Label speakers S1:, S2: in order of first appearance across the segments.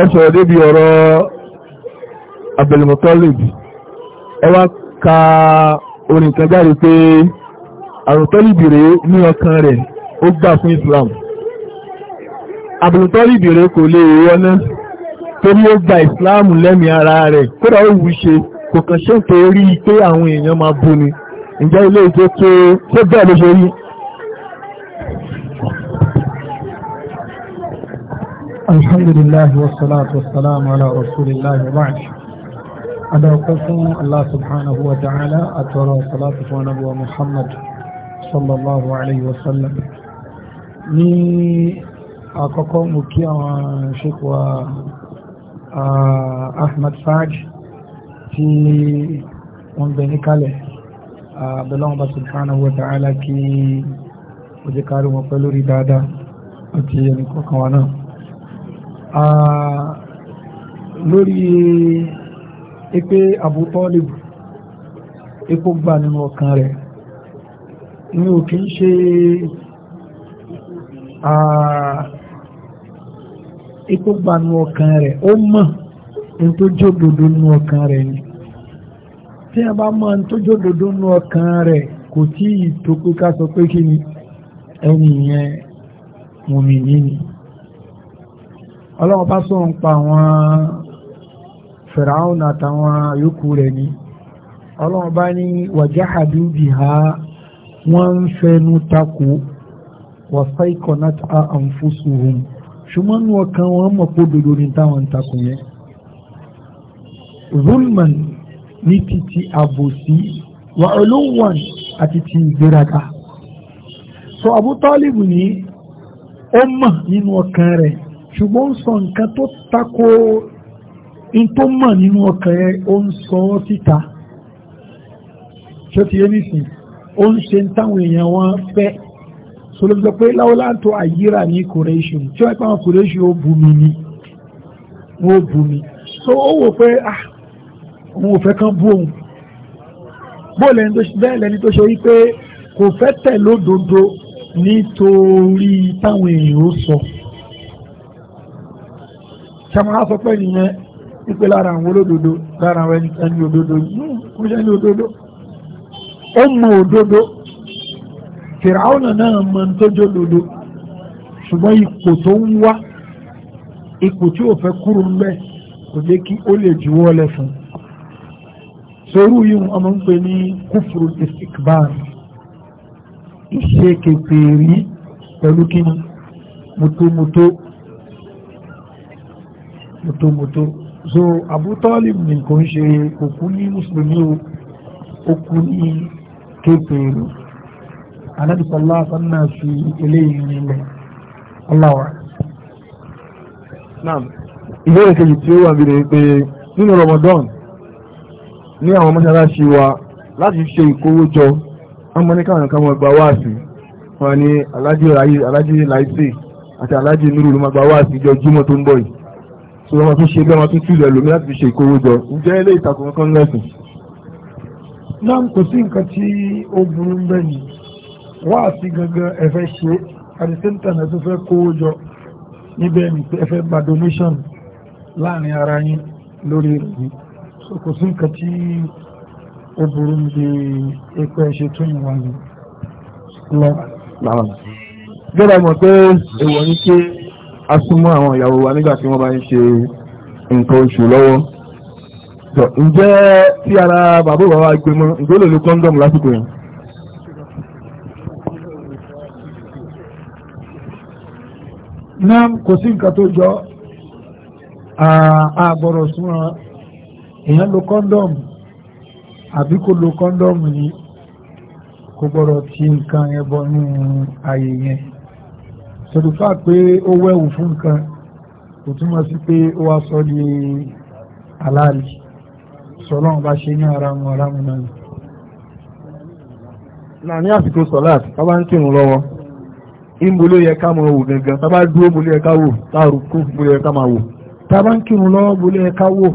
S1: ẹ débi ọ̀rọ̀ abdulmutalib ẹ ka orin kan jáde pé àrùntọ́lìbì rèé ní ọkàn rẹ̀ ó gbà fún Islam abdulmutalib rèé kò lè wọná torí ó gba Islam lẹ́mí ara rẹ̀ kódà ó wù ṣe kò kàn ṣe ń torí pé àwọn èèyàn máa ni ǹjẹ́ ilé ìjọ tó bẹ́ẹ̀ ló ṣe الحمد لله والصلاة والسلام على رسول الله وبعد أدعوكم الله سبحانه وتعالى أترى صلاة ونبوة محمد صلى الله عليه وسلم ní àkọ́kọ́ mú kí àwọn ṣekwa Ahmad Saj tí wọ́n bẹ̀ ní kalẹ̀ abẹ́lọ́wọ́n bá subhanahu wa ta'ala kí ó wọn pẹ̀lú rí dáadáa àti ẹni wa náà lórí ipé Abu Talib epo gbà nínú ọkàn rẹ̀ ní òkè ń ṣe epo gbà nínú ọkàn rẹ̀ ó mọ̀ ní tó jódodo nínú ọkàn rẹ̀ ni tí a bá mọ̀ ní tó jódodo nínú ọkàn rẹ̀ kò tí ì tó pé ká sọ pé kí ni ẹni yẹn mùmìnì ni ọlọ́run bá sọ ń pa àwọn fìràún àtàwọn yòókù rẹ̀ ni ọlọ́run bá ní wàjáhàdú biha wọ́n ń fẹnu takò wàsá ìkọ̀nàtà àǹfóṣùhùn ṣùgbọ́n ní ọkàn wọn mọ̀ pé òdodo ní táwọn takò yẹn zulman ní títí àbòsí wà olóhùn àti ti ìgbéraga so Abu Talibu ní ó mọ̀ nínú ọkàn rẹ̀ ṣùgbọ́n ń sọ nǹkan tó tako in tó mọ̀ nínú ọkàn ẹ ó ń sọ ọ́ síta ṣé ti yé nìsín ó ń ṣe táwọn èèyàn wọn fẹ́ solomjọ pé láwọlá tó àyíra ní kòrèṣù tí wọ́n pa àwọn kòrèṣù ó bu mi ni wọ́n ó bu mi so ó wò pé ah òun ò fẹ́ kán bú òun bẹ́ẹ̀ lẹni tó ṣe wípé kò fẹ́ tẹ̀ lódodo nítorí táwọn èèyàn ó sọ. So kama sọ pé nìyẹn wípé lára àwọn olódodo lára àwọn ẹni ẹni òdodo yìí kò ṣe ní òdodo ó mọ òdodo fìràwọnà náà mọ ní tójó òdodo ṣùgbọ́n ipò tó ń wá ipò tí ò fẹ́ kúrò ń bẹ́ẹ̀ kò jẹ́ kí ó lè juwọ́ lẹ̀ fún sorú yìí ọmọ ń pè ní kúfùrù istikbar ìṣe kèfèrí pẹ̀lú kíni mùtòmùtò mọ̀tòmọ̀tò so Abu Talib ní kò ń ṣe òkú ní mùsùlùmí o òkú ní kéèkéèrè anábìsọ̀lá sanna fi eléyìí nílẹ̀ ọláwà. naam ìbéèrè kejì tí ó wà bí rèé pé nínú Ramadan ní àwọn mọ́ṣáláṣí wa láti ṣe ìkówójọ ọmọ ní káwọn kan mọ̀ gba wáàsí wọn ni alájí láìsè àti alájí nírú ló máa gba wáàsí jọ jímọ̀ tó ń bọ̀ yìí tí wọ́n tún ṣe bẹ́ẹ̀ wọ́n tún tìlẹ̀ lómi láti ṣe ìkówó jọ ǹjẹ́ ilé ìtàkùn kankan lẹ́sìn. náà kò sí nǹkan tí ó burú bẹ́ẹ̀ ni wá sí gangan ẹ̀fẹ́ ṣe àdìsẹ́ńtà náà tó fẹ́ kówó jọ níbẹ̀ ni ẹ̀fẹ́ gba donation láàrin ara yín lórí rẹ̀ so kò sí nǹkan tí ó burú bí epo ẹ̀ṣẹ̀ tó yìn wá ni. gẹ́gẹ́ mọ̀ pé èèwọ̀ ni pé a súnmọ́ àwọn ìyàwó wa nígbà tí wọ́n bá ń ṣe nǹkan oṣù lọ́wọ́ ǹjẹ́ tí ara bàbá ìwà wa gbé mọ́ ǹjẹ́ ó lè lo kọ́ńdọ̀mù lásìkò yẹn. náà kò sí nǹkan tó jọ àgbọ̀rọ̀ súnmọ́ èèyàn lo kọ́ńdọ̀mù àbí kò lo kọ́ńdọ̀mù ni kò gbọ́dọ̀ ti nǹkan ẹbọ nínú ààyè yẹn sọ̀dùfà pé ó wẹ̀wù fún nǹkan kò túmọ̀ sí pé ó wá sọ di aláàlì sọ̀rọ̀ ọba ṣe ní ara wọn ara wọn náà. náà ní àsìkò sọ̀láàt tá bá ń kírun lọ́wọ́ ìmú ló yẹ ká máa wò gangan tá bá dúró mo ló yẹ ká wò tá rùkú mo ló yẹ ká máa wò. tá ń kírun lọ́wọ́ mo ló yẹ ká wò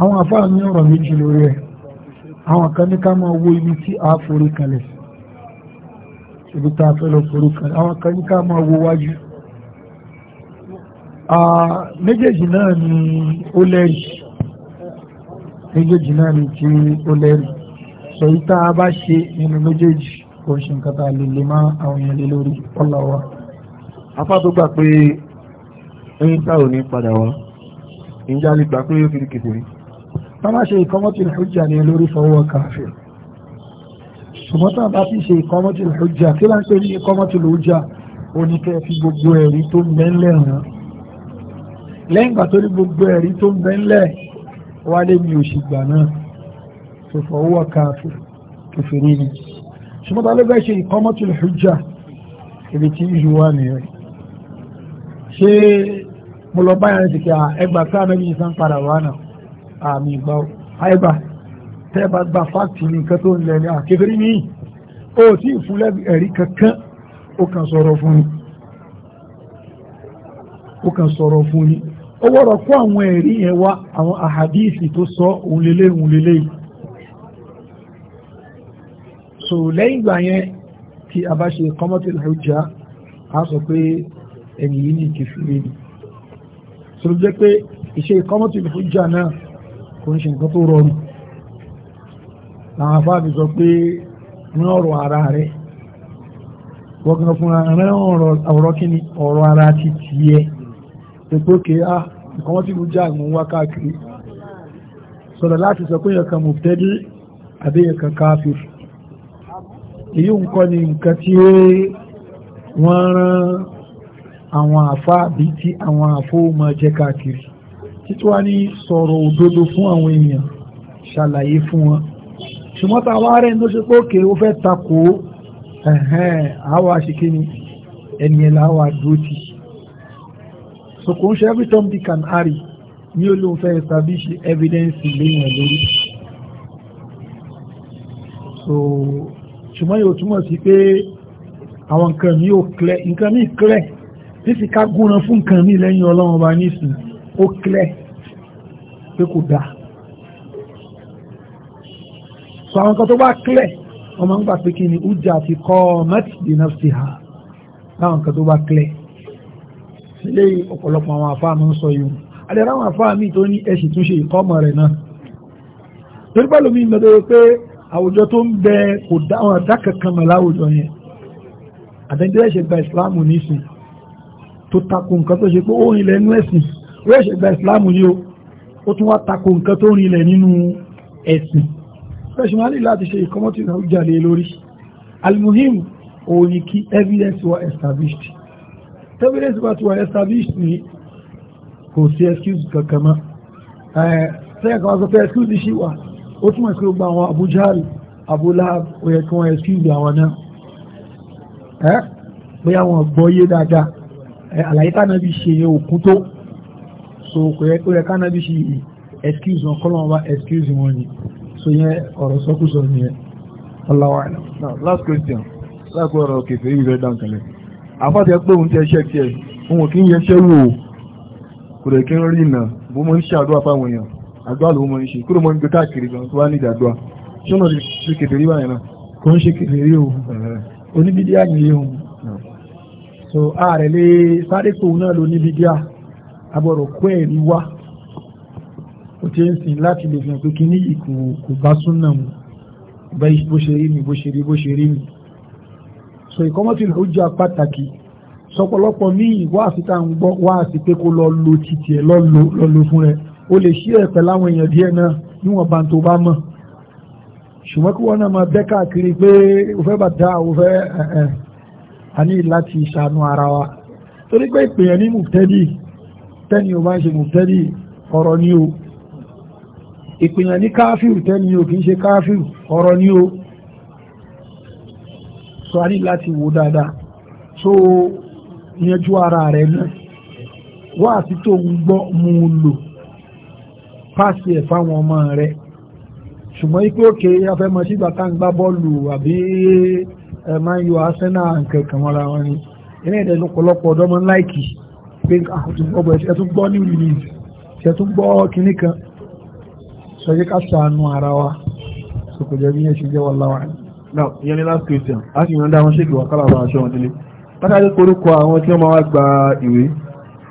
S1: àwọn àfáà ọ̀rọ̀ méjì lórí ẹ̀ àwọn kan ní ká máa wo ibi tí a forí kalẹ̀ sí ibi tá a fẹ́ lọ sọ̀rọ̀ kan àwọn kan ní ká wo wájú méjèèjì náà ni ó lẹ́rì méjèèjì náà ni tí ó lẹ́rì sọ yìí tá a bá ṣe nínú méjèèjì kò ṣe lè lè má àwọn èèyàn lé lórí ọ̀là wa. afá tó gbà pé ẹyin tá ò ní padà wá ìjà lè gbà pé ó fi kìtìrì. tá a ṣe ìkọ́mọ́tì ìhùjà ni lórí fọwọ́ kàáfíà ṣùgbọ́n tá a bá ti ṣe ìkọ́mọ́tìlù hujja kí láń pè ní ìkọ́mọ́tìlù hujja oníkẹ́ fi gbogbo ẹ̀rí tó ń bẹ́ńlẹ̀ hàn lẹ́yìn ìgbà tó ní gbogbo ẹ̀rí tó ń bẹ́ńlẹ̀ wálé mi ò sì gbà náà fòfò owó ọ̀ka kẹfìrí ni ṣùgbọ́n tá a lè fẹ́ ṣe ìkọ́mọ́tìlù hujja ibi tí ìlú wà nìyẹn ṣé mo lọ báyà ní ti kí ẹgbàá sáà mẹ́rin ní sàn padà wà náà àmì ìgbà ẹgbàá tẹ́ bá gba fáàtì ní nǹkan tó ń lẹ̀ ní àkékeré ní ó tí ì fún lẹ́bi ẹ̀rí kankan ó kàn sọ̀rọ̀ fún ni ó kàn sọ̀rọ̀ fún ni ó wọ́rọ̀ kó àwọn ẹ̀rí yẹn wá àwọn àhàdíìsì tó sọ òun lélẹ̀ òun lélẹ̀ yìí so lẹ́yìn ìgbà yẹn tí a bá ṣe kọ́mọ́tìlì hujja a sọ pé ẹni yìí ní kìfìrí ni so ló jẹ́ pé ìṣe kọ́mọ́tìlì hujja náà kò ń ṣe nǹkan tó rọrùn làwọn afáàbí sọ pé ní ọ̀rọ̀ ara rẹ̀ wọ́n fúnra rẹ̀ ọ̀rọ̀ kíni ọ̀rọ̀ ara ti tiẹ̀ pé ókè á ah, nǹkan wọ́n ti lù já àwọn wá káàkiri sọ̀rọ̀ láti sọ pé yẹ̀kan mubtadi àbí yẹ̀kan káfir èyí nǹkan ni nǹkan tí wọ́n rán àwọn àfáàbí tí àwọn àfóòmọ jẹ́ káàkiri títí ní sọ̀rọ̀ òdodo fún àwọn èèyàn ṣàlàyé fún wọn ṣùgbọ́n tá a wá rẹ̀ ń tó ṣe pé òkè ó fẹ́ takò àwa àṣìkè ni ẹni ẹ̀ làwa dúró every time they can harry ní olóhùn fẹ́ establish evidence lẹ́yìn ẹ̀ lórí so ṣùgbọ́n yóò túmọ̀ sí pé àwọn nǹkan mi ò clear nǹkan mi clear fífi ká gúnran fún nǹkan mi lẹ́yìn ọlọ́run ọba nísìn ó clear pé kò dáa sọ àwọn kan tó bá clear wọ́n máa ń gbà pé kí ni ujà ti kọ́ mẹ́tì dínà sí ha láwọn kan tó bá clear sílé ọ̀pọ̀lọpọ̀ àwọn àfáà máa ń sọ yìí àdẹ̀rẹ̀ àwọn àfáà míì tó ní ẹ̀sìn túnṣe ìkọ́mọ̀ rẹ̀ náà torí pẹ̀lú mi mẹ́tọ́ pé àwùjọ tó ń bẹ kò dáwọn àdá kankan mọ̀ láwùjọ yẹn àtẹ́jọ́ ẹ̀ṣẹ̀ gba ìsìláàmù nísìn tó takò nǹkan tó ṣe pé ó rinlẹ̀ nínú ẹ̀sìn ó ẹ̀ṣẹ̀ gba ìsìláàmù ní ó tún wá takò nǹkan tó rinlẹ̀ nínú ẹ̀sìn fẹ́ṣùmọ́lì láti ṣe ìkọmọ́tì náà jáde lórí almuhim òun ni kí evidence were established evidence were to established ni kò sí excuse kankan mọ́ sẹ́yìn kan wá sọ pé excuse ṣì wà ó túmọ̀ sí gbogbo àwọn Abu Jahl Abu Lahab ó yẹ kí wọ́n excuse àwọn náà ẹ́ bóyá wọn gbọ́ yé dáadáa àlàyé tánàbí ṣe òkú tó so kò yẹ kánàbí ṣe excuse wọn kọ́lọ́wọ́n bá excuse wọn ni so yẹn ọ̀rọ̀ sọkúsọ nìyẹn ọláwà ẹ̀. now last question láàpọ̀ ọ̀rọ̀ kẹfẹ́ yìí rẹ̀ dáǹkẹ̀lẹ̀ àfàtì ẹ pé òun ti ẹṣẹ́ tiẹ̀ òun kì í yẹṣẹ́ wò ó kò lè kí ń rí ìnà bó mọ́ ń ṣe àdúrà fáwọn èèyàn àdúrà ló mọ́ ń ṣe kúrò mọ́ ń gbé káàkiri gan tó wá ní ìdàdúrà ṣé ọ̀nà ti kẹfẹ́ rí báyẹn náà. kò ń ṣe kẹfẹ́ rí o oníbídíà nìyí o so ààrẹ lè sáré pòun náà lóníbídíà abọ̀rọ̀ kó ẹ̀rí wá kò tí ń sìn láti lè fi hàn pé kí ní ìkù bá súnà mu bó ṣe rí mi bó ṣe rí bó ṣe rí mi so ìkọ́mọ́tì ló jẹ́ pàtàkì sọpọlọpọ míì wá àti tá à ń gbọ́ wá àti pé kó lọ lo títì ẹ̀ lọ́lo fún rẹ̀ o lè ṣí ẹ̀pẹ̀ láwọn èèyàn díẹ̀ náà níwọ̀n bá ń tó bá mọ̀ ṣùgbọ́n kí wọ́n náà máa bẹ́ káàkiri pé o fẹ́ bá dá o fẹ́ ẹ̀ẹ́ a ní láti ṣàánú ara wa torí pé ìpèyàn ní mùtẹ́dì tẹ́ni o bá ń ṣe mùtẹ́dì ọ̀rọ̀ ni o ìpìyàn ní káfíù tẹ́ni o kìí ṣe káfíù ọ̀rọ̀ ni o so a ní láti wò dáadáa so yanjú ara rẹ̀ náà wá àti tó ń gbọ́ mú un lò pàṣẹ ẹ̀ fáwọn ọmọ rẹ̀ ṣùgbọ́n ipé òkè afẹ́mọ̀ sí ìgbà táà ń gbá bọ́ọ̀lù àbí ẹ̀mà yóò Arsenal nǹkan kan ra wọn ni ilé ìdẹ̀ lọ́pọ̀lọpọ̀ ọ̀dọ́mọ láìkì pé àtúgbọ́ ní release ṣẹ̀tún gbọ́ sọjí ká sànù ara wa sọkò jẹ́ bí yẹn ṣe jẹ́ wọ́n láwà. now ìyẹn ni last question a sì yàn dá wọn ṣèkì wà kálà bá aṣọ wọn délé látàrí korúkọ àwọn tí wọ́n máa wá gba ìwé